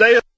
They